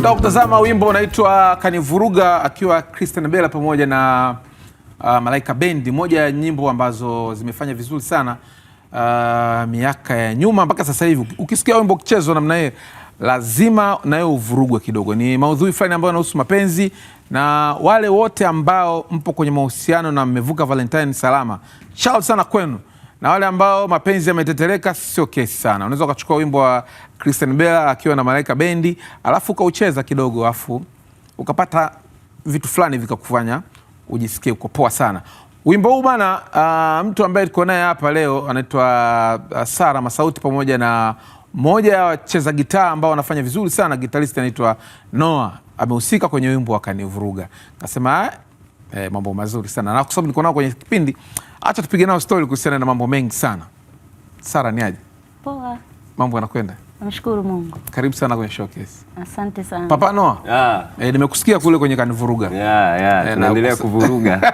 Tunataka kutazama wimbo unaitwa Kanivuruga akiwa Christian Bella pamoja na uh, Malaika Bendi, moja ya nyimbo ambazo zimefanya vizuri sana uh, miaka ya nyuma mpaka sasa hivi. Ukisikia wimbo ukichezwa namna hiyo, lazima nayo uvurugwe kidogo. Ni maudhui fulani ambayo yanahusu mapenzi, na wale wote ambao mpo kwenye mahusiano na mmevuka Valentine salama, chao sana kwenu na wale ambao mapenzi yametetereka, sio kesi sana. Unaweza ukachukua wimbo wa Christian Bella akiwa na Malaika Bendi, alafu ukaucheza kidogo, alafu ukapata vitu fulani vikakufanya ujisikie uko poa sana. Wimbo huu bana, uh, mtu ambaye tuko naye hapa leo anaitwa uh, ah, Sara Masauti pamoja na mmoja ya wacheza gitaa ambao wanafanya vizuri sana, gitaristi anaitwa Noah, amehusika kwenye wimbo Akanivuruga. Kasema ah, eh, mambo mazuri sana na kwa sababu niko nao kwenye kipindi, acha tupige nao stori kuhusiana na mambo mengi sana. Sara, ni aje? Poa, mambo yanakwenda Namshukuru Mungu. Karibu sana kwenye showcase. Asante sana. Papa Noah. Yeah. Eh, nimekusikia kule kwenye kanivuruga. Yeah, yeah. Eh, tunaendelea kuvuruga.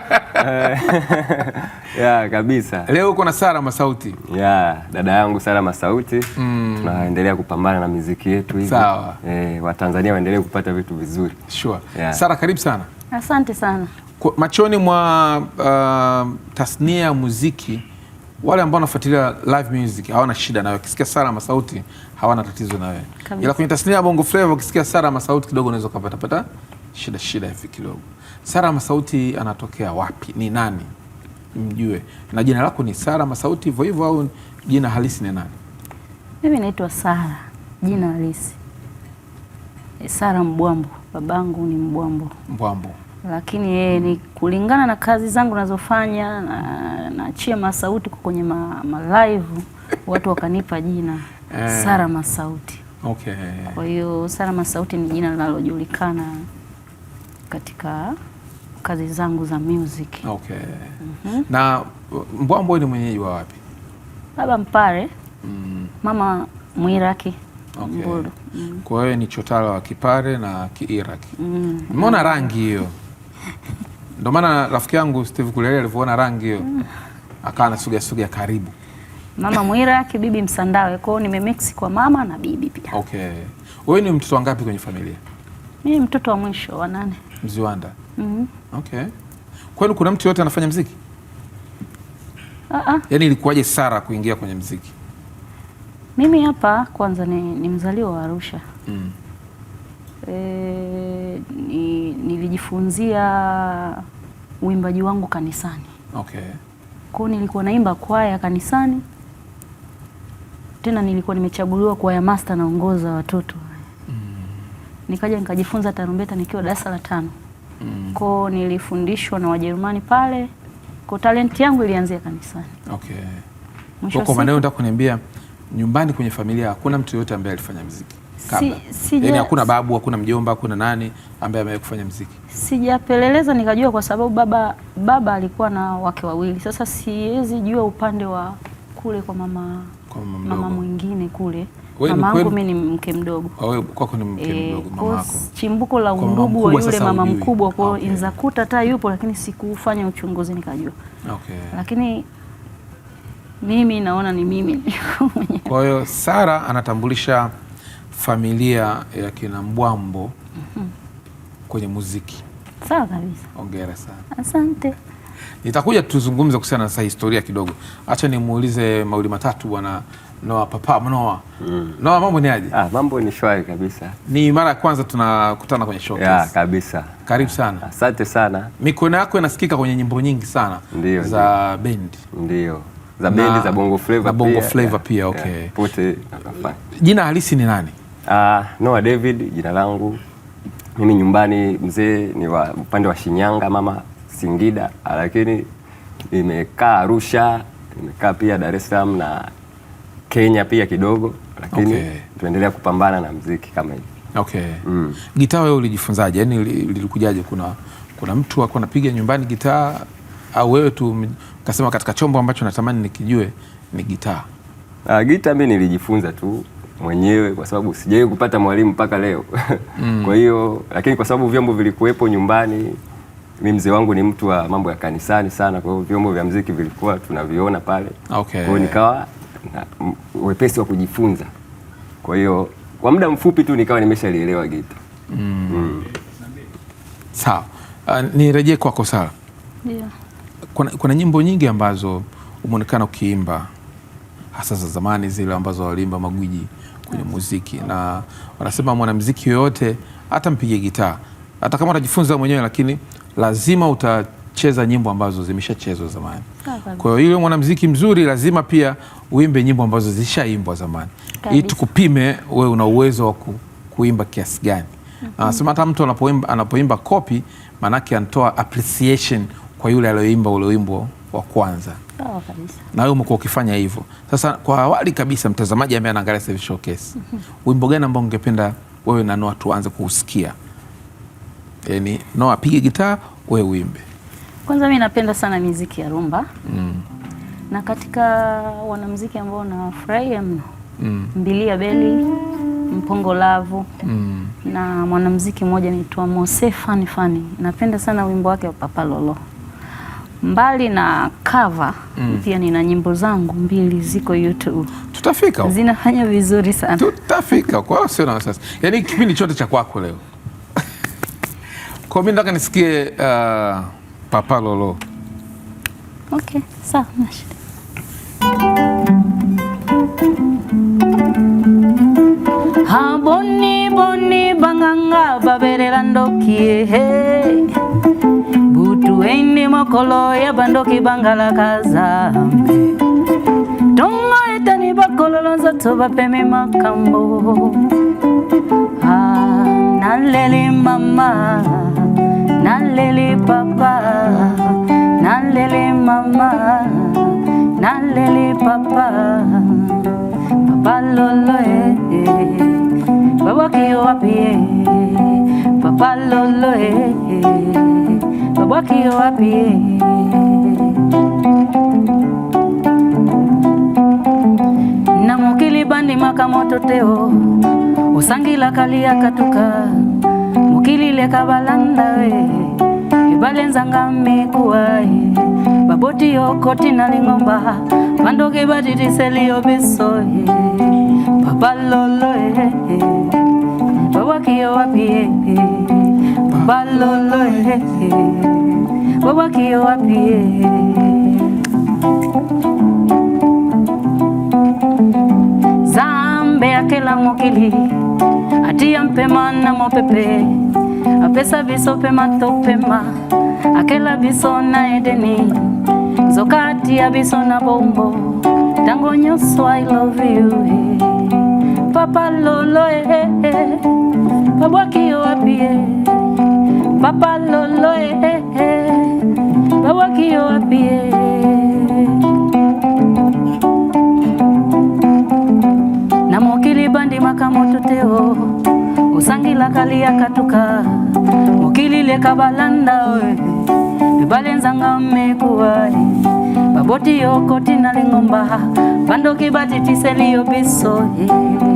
Yeah, kabisa. Leo uko na Sara Masauti. Yeah, dada yangu Sara Masauti. Mm. Tunaendelea kupambana na muziki yetu hivi. Sawa. Eh, Watanzania waendelee kupata vitu vizuri. Sure. Yeah. Sara karibu sana. Asante sana. Kwa machoni mwa uh, tasnia ya muziki mm wale ambao wanafuatilia live music hawana shida nayo, ukisikia sara masauti hawana tatizo nayo, ila kwenye tasnia ya bongo flava ukisikia sara masauti kidogo unaweza pata shida shida hivi kidogo. Sara masauti anatokea wapi? Ni nani? Mjue. Na jina lako ni Sara masauti hivyo hivyo au jina halisi ni nani? Mimi naitwa Sara, jina halisi Sara Mbwambo. Babangu ni Mbwambo. Mbwambo lakini yeye eh, ni kulingana na kazi zangu nazofanya na naachia Masauti kwenye ma, ma live watu wakanipa jina eh. Sara Masauti. Okay. Kwa hiyo Sara Masauti ni jina linalojulikana katika kazi zangu za music. Okay. Mm -hmm. Na Mbwa ni mwenyeji wa wapi? Baba Mpare. Mm. Mama Mwiraki. Okay. Mbulu. Mm. Kwa hiyo ni chotara wa Kipare na Kiiraki. Mm. Umeona rangi hiyo? Ndio maana rafiki yangu Steve Kulele alivyoona rangi hiyo akawa suga karibu. Mama Mwira kibibi Msandawe, kwao nimemix kwa mama na bibi pia. Okay. Wewe ni mtoto wangapi kwenye familia? Mimi mtoto wa mwisho wa nane. Mziwanda. Mm -hmm. Okay. kwenu kuna mtu yote anafanya mziki? Uh -uh. Yaani ilikuwaje Sara kuingia kwenye mziki? Mimi hapa kwanza ni, ni mzaliwa wa Arusha. Mm e, nilijifunzia uimbaji wangu kanisani. Okay. Kwa hiyo nilikuwa naimba kwaya kanisani, tena nilikuwa nimechaguliwa kwaya master, naongoza watoto mm. Nikaja nikajifunza tarumbeta nikiwa darasa la tano mm. hiyo nilifundishwa na Wajerumani pale, kwa talenti yangu ilianzia kanisani. Okay. Kwa maana nataka kuniambia nyumbani kwenye familia hakuna mtu yoyote ambaye alifanya muziki? Si, yani hakuna babu, hakuna mjomba, hakuna nani ambaye amewahi kufanya mziki. Sijapeleleza nikajua kwa sababu baba baba alikuwa na wake wawili. Sasa siwezi jua upande wa kule kwa mama kwa mama, mama mwingine kule. Mama wangu mimi ni mke mdogo. Wewe kwako ni mke eh, mdogo mama yako. Chimbuko la undugu wa yule mama mkubwa kwa okay. Inzakuta hata yupo lakini sikufanya uchunguzi nikajua. Okay. Lakini mimi naona ni mimi. Kwa hiyo Sara anatambulisha familia ya kina Mbwambo mm -hmm. kwenye muziki. Sawa kabisa, ongera sana, asante. Nitakuja tuzungumze kuhusiana na historia kidogo. Acha nimuulize mawili matatu bwana Noa Papa Noah. Mm. Noa, mambo ni aje? Ah, mambo ni shwari kabisa. Ni mara ya kwanza tunakutana kwenye showcase. Ya, kabisa. Karibu sana. Asante sana. Mikono yako inasikika kwenye nyimbo nyingi sana ndiyo, za bendi. Ndio. Za bendi za Bongo Flava pia. Bongo Flava pia, okay. Pote. Jina halisi ni nani? Uh, Noah David jina langu. Mimi nyumbani mzee ni wa upande wa Shinyanga, mama Singida, lakini nimekaa Arusha, nimekaa pia Dar es Salaam na Kenya pia kidogo, lakini okay. Tuendelea kupambana na mziki kama hivi. Okay. Mm. Gitaa wewe ulijifunzaje? Yaani lilikujaje? Kuna kuna mtu alikuwa anapiga nyumbani gitaa au wewe tu kasema katika chombo ambacho natamani nikijue ni gitaa? Uh, gitaa mimi nilijifunza tu mwenyewe kwa sababu sijawahi kupata mwalimu mpaka leo mm. kwa hiyo lakini kwa sababu vyombo vilikuwepo nyumbani, mi mzee wangu ni mtu wa mambo ya kanisani sana, kwa hiyo vyombo vya mziki vilikuwa tunaviona pale okay. kwa hiyo nikawa na wepesi wa kujifunza, kwa hiyo kwa muda mfupi tu nikawa nimeshalielewa gita mm. mm. Sawa, uh, nirejee kwako Sara. yeah. kuna, kuna nyimbo nyingi ambazo umeonekana ukiimba hasa za zamani zile ambazo walimba magwiji kwenye muziki, na wanasema mwanamuziki yoyote, hata mpige gitaa, hata kama utajifunza mwenyewe, lakini lazima utacheza nyimbo ambazo zimeshachezwa zamani. Kwa hiyo ile mwanamuziki mzuri lazima pia uimbe nyimbo ambazo zishaimbwa zamani, ili tukupime wewe una uwezo wa kuimba kiasi gani. Mm-hmm. Anasema hata mtu anapoimba, anapoimba kopi, maanake anatoa appreciation kwa yule aliyoimba ule wimbo wa kwanza. Na wewe umekuwa ukifanya hivyo. Sasa kwa awali kabisa, mtazamaji ambaye anaangalia sasa hivi showcase, wimbo gani ambao ungependa wewe na Noah tuanze kuusikia? Yaani Noah apige gitaa, wewe uimbe. Kwanza mimi napenda sana miziki ya rumba mm. na katika wanamuziki ambao nawafurahia mno mm. Mbilia Beli, Mpongo Lavu mm. na mwanamuziki mmoja anaitwa Mose Fani Fani, napenda sana wimbo wake wa Papa Lolo mbali na cover mm. pia nina nyimbo zangu mbili ziko YouTube. Tutafika. Zinafanya vizuri sana. Tutafika. Kwa sio na sasa. Yaani kipindi chote cha kwako leo. Kwa mimi nataka nisikie uh, Papa Lolo. Okay, sawa. ha ah, boni boni banganga baberelandokie eh, he eh. butu eni mokolo ya bandoki bangala kazambe eh. tongo etani bakololo nzoto bapemi makambo ah, naleli mama naleli papa naleli mama naleli papa papa lolo eh, eh. babwaki yo wapi ye papa lolo e babwaki yo wapi ye na mokili bandimaka moto te o osangilaka liyakatuka mokili leka balanda e ebale nzanga mikuwa e baboti yo koti na lingomba bandoki badidiseli yo biso e Babalolo eh Baba eh. wapi eh Babalolo eh Baba eh, eh. wapi eh Zambe akela mokili atia mpema na mopepe apesa biso pema topema akela biso na edeni nzoka atia biso na bombo tango nyoswa i love you eh. papa lolo eh, eh, eh. babwaki yo wapi eh. papa lolo eh, eh, eh. babwaki yo wapi eh. na mokili bandimaka moto te o oh. osangilaka liyaka tuka mokili leka balanda oe oh. mibale nzanga mekuwai eh. baboti yo kotina lingomba bandoki batitiseli yo biso ye eh.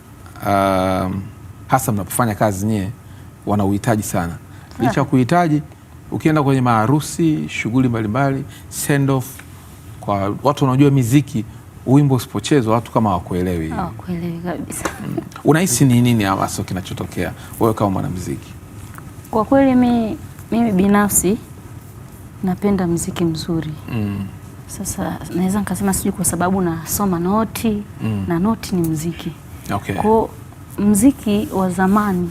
uh, hasa mnapofanya kazi nyie, wana uhitaji sana. Licha ya ah. kuhitaji, ukienda kwenye maharusi, shughuli mbalimbali, send off kwa watu wanaojua miziki, wimbo usipochezwa watu kama hawakuelewi. Hawakuelewi kabisa. Mm. Unahisi ni nini hasa kinachotokea wewe kama mwanamuziki? Kwa kweli mi, mimi binafsi napenda mziki mzuri mm. Sasa naweza nikasema sijui kwa sababu nasoma noti mm. na noti ni mziki Okay. Kwa mziki wa zamani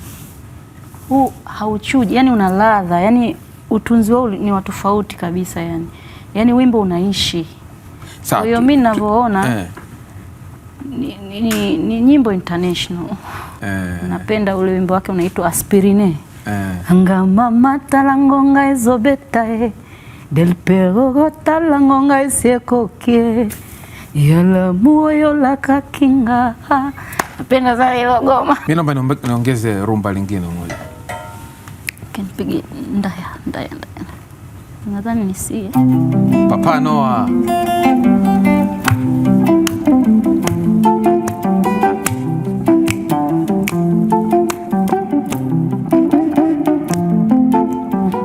huu hauchuji, yani una ladha, yani utunzi wao ni wa tofauti kabisa, yani yani wimbo unaishi. Kwa hiyo mimi ninavyoona eh, ni, ni, ni nyimbo international eh. Napenda ule wimbo wake unaitwa Aspirine eh, ngama matalangonga ezobetae delperoro talangonga esiekokie Yala moyo la kakinga. Napenda sana hilo goma. Mimi naomba niongeze rumba lingine moja. Kinipige ndaya ndaya ndaya. Nadhani nisie. Papa Noah.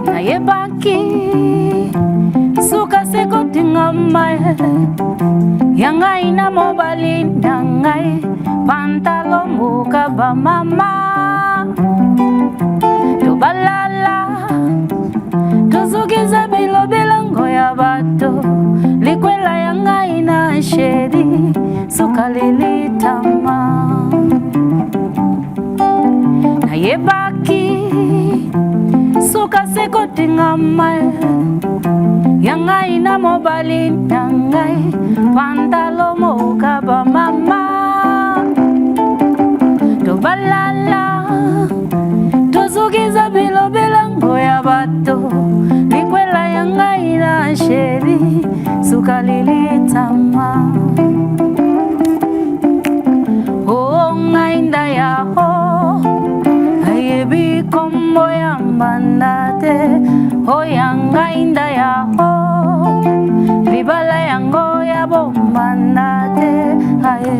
Naye baki suka sekoti ngamae Yangay na mo balin dangay Pantalon mo ka ba mama Tubalala Kazuki bilo bilango ya bato Likwela yangay na shedi Sukalilitama Nayebaki suka sekudinga mali yangai namobali yangai pantalomoukaba mama tobalala tozukiza bilobilango ya bato likwela yangai na sheri suka lilitama bandate hoyanga indaya ho viva la yango ya bombandate ae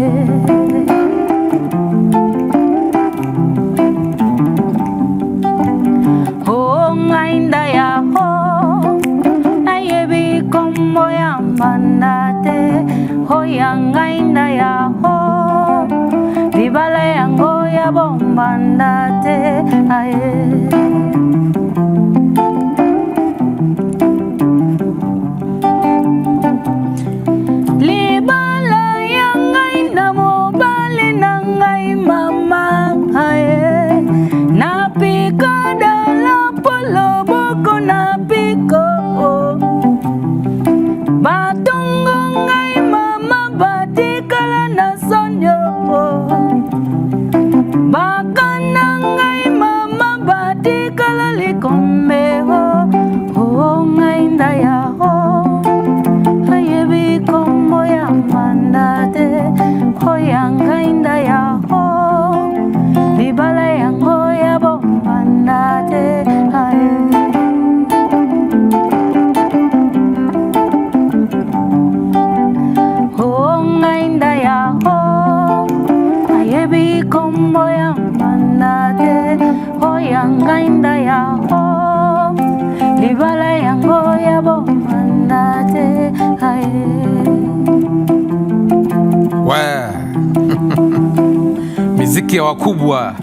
muziki ya wakubwa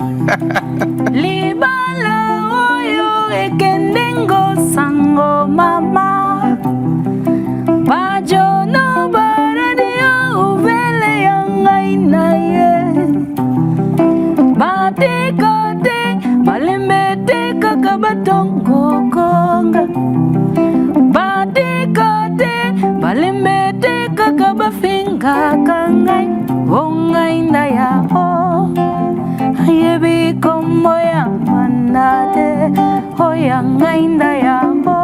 tate hoyanga inda yabo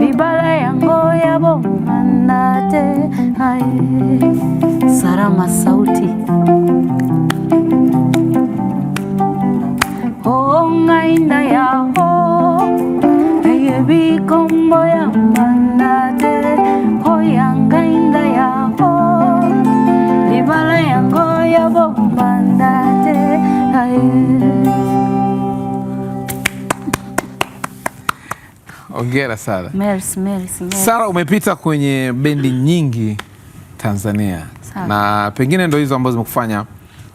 libala yango ya bomanda te aye Sarah Masauti Hongera Sara. Merci, merci, merci. Sara, umepita kwenye bendi nyingi Tanzania Sara, na pengine ndio hizo ambazo zimekufanya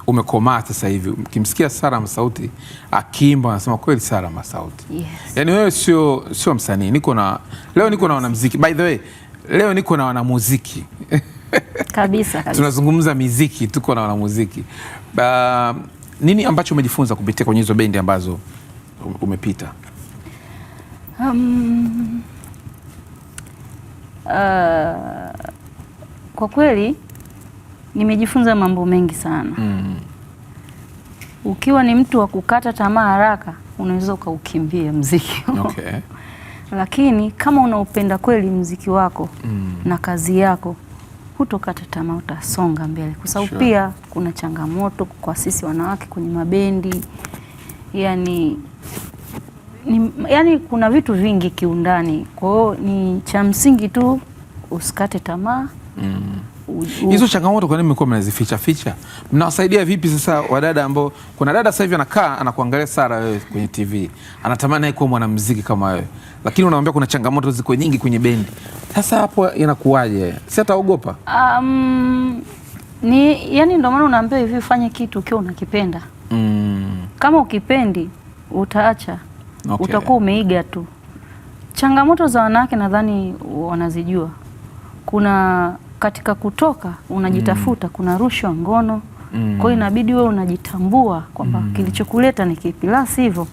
umekomaa sasa hivi. Ukimsikia Sara Masauti akiimba anasema kweli Sara Masauti. Yes. Yaani wewe sio sio msanii. Niko na leo niko na wanamuziki. By the way, leo niko na wanamuziki. Kabisa, kabisa. Tunazungumza miziki, tuko na wanamuziki. Uh, nini ambacho umejifunza kupitia kwenye hizo bendi ambazo umepita? Um, uh, kwa kweli nimejifunza mambo mengi sana mm. Ukiwa ni mtu wa kukata tamaa haraka unaweza ukaukimbia mziki okay. Lakini kama unaupenda kweli mziki wako mm. na kazi yako hutokata tamaa, utasonga mbele kwa sababu sure. Pia kuna changamoto kwa sisi wanawake kwenye mabendi yani ni, yani kuna vitu vingi kiundani, kwa hiyo ni cha msingi tu usikate tamaa mm. Hizo changamoto kwa nini mmekuwa mnazificha ficha? Mnawasaidia vipi sasa wadada ambao, kuna dada sasa hivi anakaa anakuangalia Sara wewe kwenye TV, anatamani kuwa mwanamuziki kama wewe, lakini unamwambia kuna changamoto ziko nyingi kwenye bendi. Sasa hapo inakuwaje? Si ataogopa? Um, ni yani, ndio maana unaambiwa hivi, fanye kitu ukiwa unakipenda mm. Kama ukipendi utaacha okay. Utakuwa umeiga tu. Changamoto za wanawake nadhani wanazijua. Kuna katika kutoka unajitafuta, mm. kuna rushwa, ngono mm. kwa hiyo inabidi wewe unajitambua kwamba mm. kilichokuleta ni kipi, la sivyo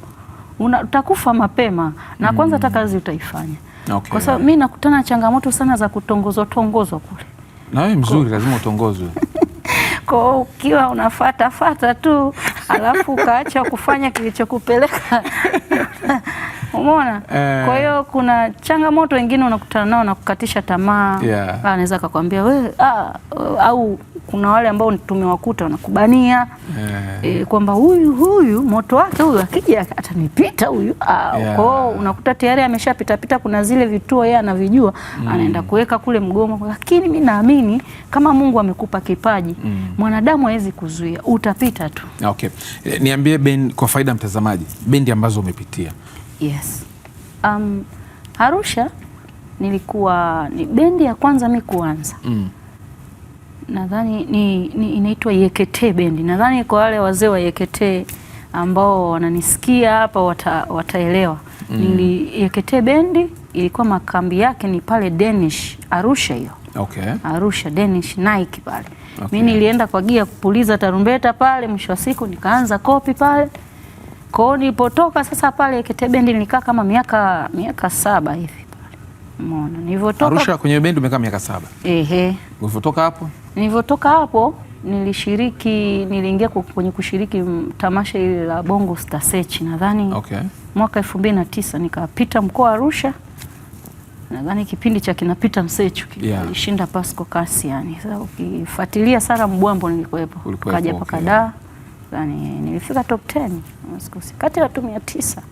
utakufa mapema na kwanza hata mm. kazi utaifanya okay. Kwa sababu mi nakutana na changamoto sana za kutongozwa tongozwa kule. Na wewe mzuri, lazima utongozwe kwa ukiwa unafatafata tu alafu ukaacha kufanya kilichokupeleka Umeona? Eh. Kwa hiyo kuna changamoto wengine unakutana nao na kukatisha tamaa. Yeah. Ah, anaweza akakwambia wewe ah, au kuna wale ambao tumewakuta wanakubania yeah. E, eh, kwamba huyu huyu moto wake huyu akija atanipita huyu ah, yeah. hiyo unakuta tayari ameshapitapita, kuna zile vituo yeye anavijua mm. Anaenda kuweka kule mgomo, lakini mi naamini kama Mungu amekupa kipaji mm. mwanadamu hawezi kuzuia, utapita tu. Okay. Eh, niambie Ben, kwa faida mtazamaji, bendi ambazo umepitia Yes. Um, Arusha nilikuwa ni bendi ya kwanza mi kuanza mm. Nadhani ni, ni inaitwa Yeketee bendi. Nadhani kwa wale wazee wa ykt ambao wananisikia hapa wata, wataelewa mm. Nili ykt bendi ilikuwa makambi yake ni pale Danish Arusha hiyo. Okay. Arusha Danish Nike pale. Okay. Mimi nilienda kwa gia kupuliza tarumbeta pale, mwisho wa siku nikaanza kopi pale kwa hiyo nilipotoka sasa pale Ketebendi nilikaa kama miaka miaka saba hivi pale. Umeona? Nilivyotoka Arusha kwenye bendi umekaa miaka saba. Ehe. Ulivyotoka hapo? Nilivyotoka hapo nilishiriki niliingia kwenye kushiriki tamasha ile la Bongo Star Search nadhani. Okay. Mwaka 2009 nikapita mkoa Arusha. Nadhani kipindi cha kinapita Msechu alishinda yeah. Pasco Kasi yani. Sasa ukifuatilia sana Mbwambo nilikuwepo. Kaja okay yani, nilifika top 10 kati ya watu mia tisa.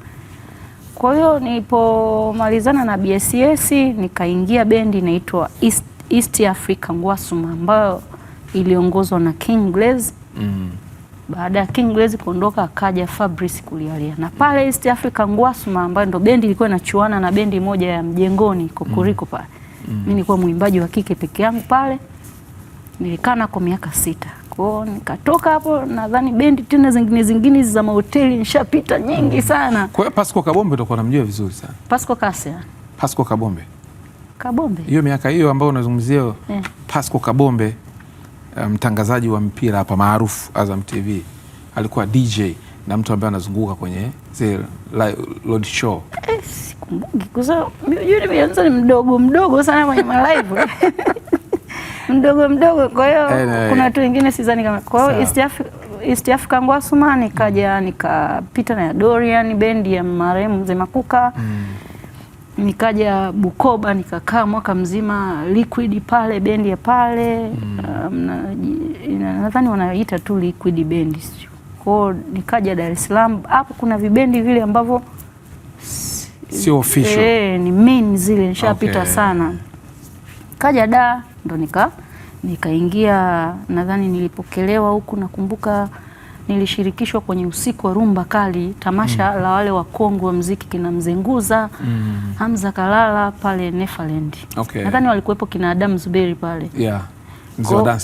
Kwa hiyo nilipomalizana na BSS nikaingia bendi inaitwa East, East Africa Ngwasuma ambayo iliongozwa na King Glaze mm. Baada ya King Glaze kuondoka akaja Fabrice Kulialia na pale East Africa Ngwasuma ambayo ndo bendi ilikuwa inachuana na bendi moja ya mjengoni Kokoriko mm. pale mm. Mimi nilikuwa mwimbaji wa kike peke yangu pale nilikaa nako miaka sita kwao, nikatoka hapo. Nadhani bendi tena zingine zingine za mahoteli nishapita nyingi mm. sana. Kwa hiyo Pasco Kabombe utakuwa namjua vizuri sana Pasco Kasia, Pasco Kabombe Kabombe, hiyo miaka hiyo ambayo unazungumzia yeah. Pasco Kabombe eh, mtangazaji um, wa mpira hapa maarufu Azam TV, alikuwa DJ na mtu ambaye anazunguka kwenye zile road show eh, sikumbuki kwa sababu mdogo mdogo sana kwenye malaivu mdogo mdogo, kwa hiyo eh, kuna eh. watu wengine sidhani kama. Kwa hiyo East Africa, East Africa Ngwasuma nikaja mm. nikapita na Dorian, bendi ya marehemu Mzee Makuka mm. Nikaja Bukoba nikakaa mwaka mzima Liquid pale, bendi ya pale mm. um, nadhani wanaita tu Liquid bendi kwao. Nikaja Dar es Salaam, hapo kuna vibendi vile ambavyo sio official eh, ni main zile nishapita okay. sana kaja da ndo nika nikaingia nadhani nilipokelewa huku, nakumbuka nilishirikishwa kwenye usiku wa rumba kali, tamasha mm. la wale wakongwe wa mziki kina Mzenguza mm. Hamza Kalala pale Nefaland okay. nadhani walikuwepo kina Adam Zuberi pale yeah.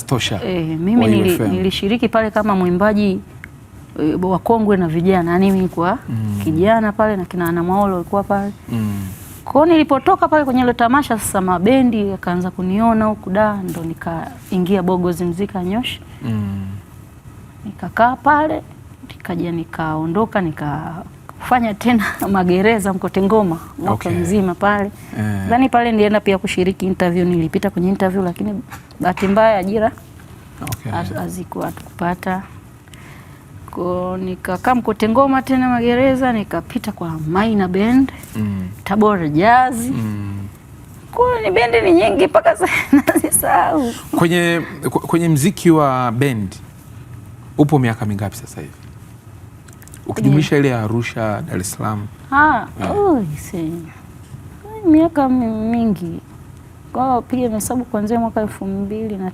Tosha. Eh, mimi nili, nilishiriki pale kama mwimbaji eh, wakongwe na vijana, yaani mimi kwa mm. kijana pale na kina Anamwaolo walikuwa pale mm. Kwao nilipotoka pale kwenye ile tamasha sasa, mabendi yakaanza kuniona huku da, ndo nikaingia Bogozi mzika nyoshi mm. nikakaa pale, nikaja nikaondoka, nikafanya tena magereza Mkote Ngoma mwaka okay. mzima pale yeah. yeah. pale nilienda pia kushiriki interview, nilipita kwenye interview lakini bahati mbaya ajira okay. azikuwa tukupata nikakaa Mkote Ngoma tena magereza, nikapita kwa Maina Band mm. Tabora Jazz mm. kwa ni bendi ni nyingi mpaka nazisahau. Kwenye, kwenye mziki wa bendi upo miaka mingapi sasa hivi ukijumlisha ile ya Arusha, Dar es Salaam? Miaka mingi kwa piga mahesabu kuanzia mwaka elfu mbili na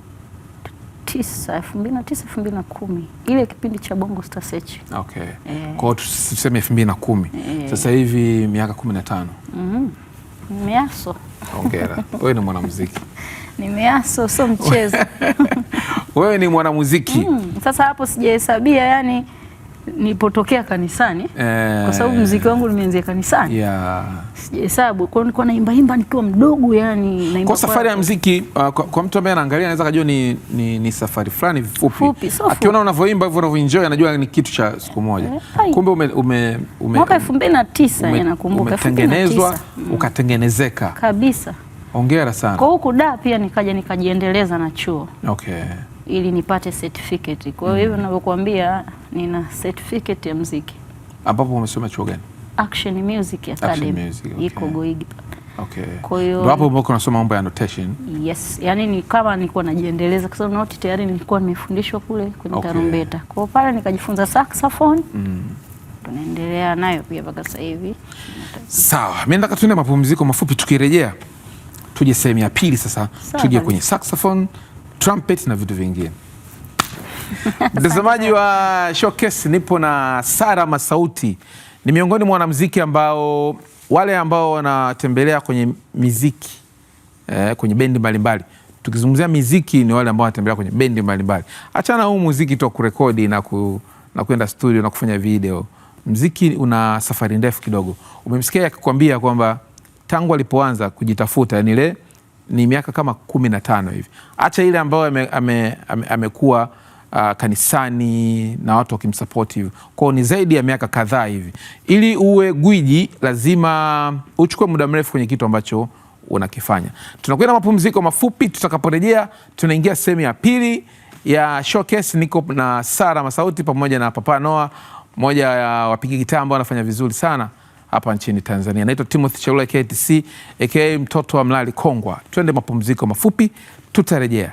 tisa, elfu mbili na tisa, elfu mbili na kumi ile kipindi cha Bongo Star Search. Okay. E. Kwa hiyo tuseme elfu mbili na kumi e. Sasa hivi miaka kumi na tano mm -hmm. Hongera. Wewe ni mwanamuziki. Ni measo, sio mchezo. Wewe ni mwanamuziki. Mm. Sasa hapo sijahesabia yani nipotokea kanisani eh, kwa sababu mziki wangu nimeanzia kanisani yeah. Sijahesabu kwao, nilikuwa naimbaimba nikiwa mdogo yani, naimba kwa safari ya mziki uh, kwa, kwa mtu ambaye anaangalia anaweza kujua ni, ni, ni safari fulani vifupi, so akiona unavyoimba hivyo unavyoenjoy anajua ni kitu cha siku moja eh, kumbe ume, ume, ume, mwaka 2009 nakumbuka umetengenezwa mm. ukatengenezeka kabisa. Hongera sana. Kwa huku da pia nikaja nikajiendeleza na chuo okay ili nipate certificate. Kwa hiyo hivyo mm. ninavyokuambia, nina certificate ya muziki. Ambapo umesoma chuo gani? Action Music Academy iko Goiga. Okay. Kwa hiyo hapo mbona unasoma mambo ya notation? Yes, yani ni kama nilikuwa najiendeleza kwa sababu note tayari nilikuwa nimefundishwa kule kwenye okay. tarumbeta. Kwa hiyo pale nikajifunza saxophone. Mm. Tunaendelea nayo pia mpaka sasa hivi. Sawa, mimi nataka tuende mapumziko mafupi tukirejea. Tuje sehemu ya pili sasa. Tuje kwenye saxophone trumpet na vitu vingine. Mtazamaji wa Showcase, nipo na Sara Masauti, ni miongoni mwa wanamuziki ambao wale ambao wanatembelea kwenye miziki eh, kwenye bendi mbalimbali tukizungumzia miziki ni wale ambao wanatembelea kwenye bendi mbalimbali. Achana huu muziki tu kurekodi na, ku, na kwenda studio na kufanya video. Mziki una safari ndefu kidogo. Umemsikia akikwambia kwamba tangu alipoanza kujitafuta, yani ile ni miaka kama kumi na tano hivi, hacha ile ambayo amekuwa uh, kanisani na watu wakimsapoti hivyo kwao, ni zaidi ya miaka kadhaa hivi. Ili uwe gwiji, lazima uchukue muda mrefu kwenye kitu ambacho unakifanya. Tunakwenda mapumziko mafupi, tutakaporejea tunaingia sehemu ya pili ya showcase. Niko na Sara Masauti pamoja na Papa Noah, mmoja ya wapiga gitaa ambao anafanya vizuri sana hapa nchini Tanzania. Naitwa Timothy Chaula KTC aka mtoto wa Mlali Kongwa. Twende mapumziko mafupi, tutarejea.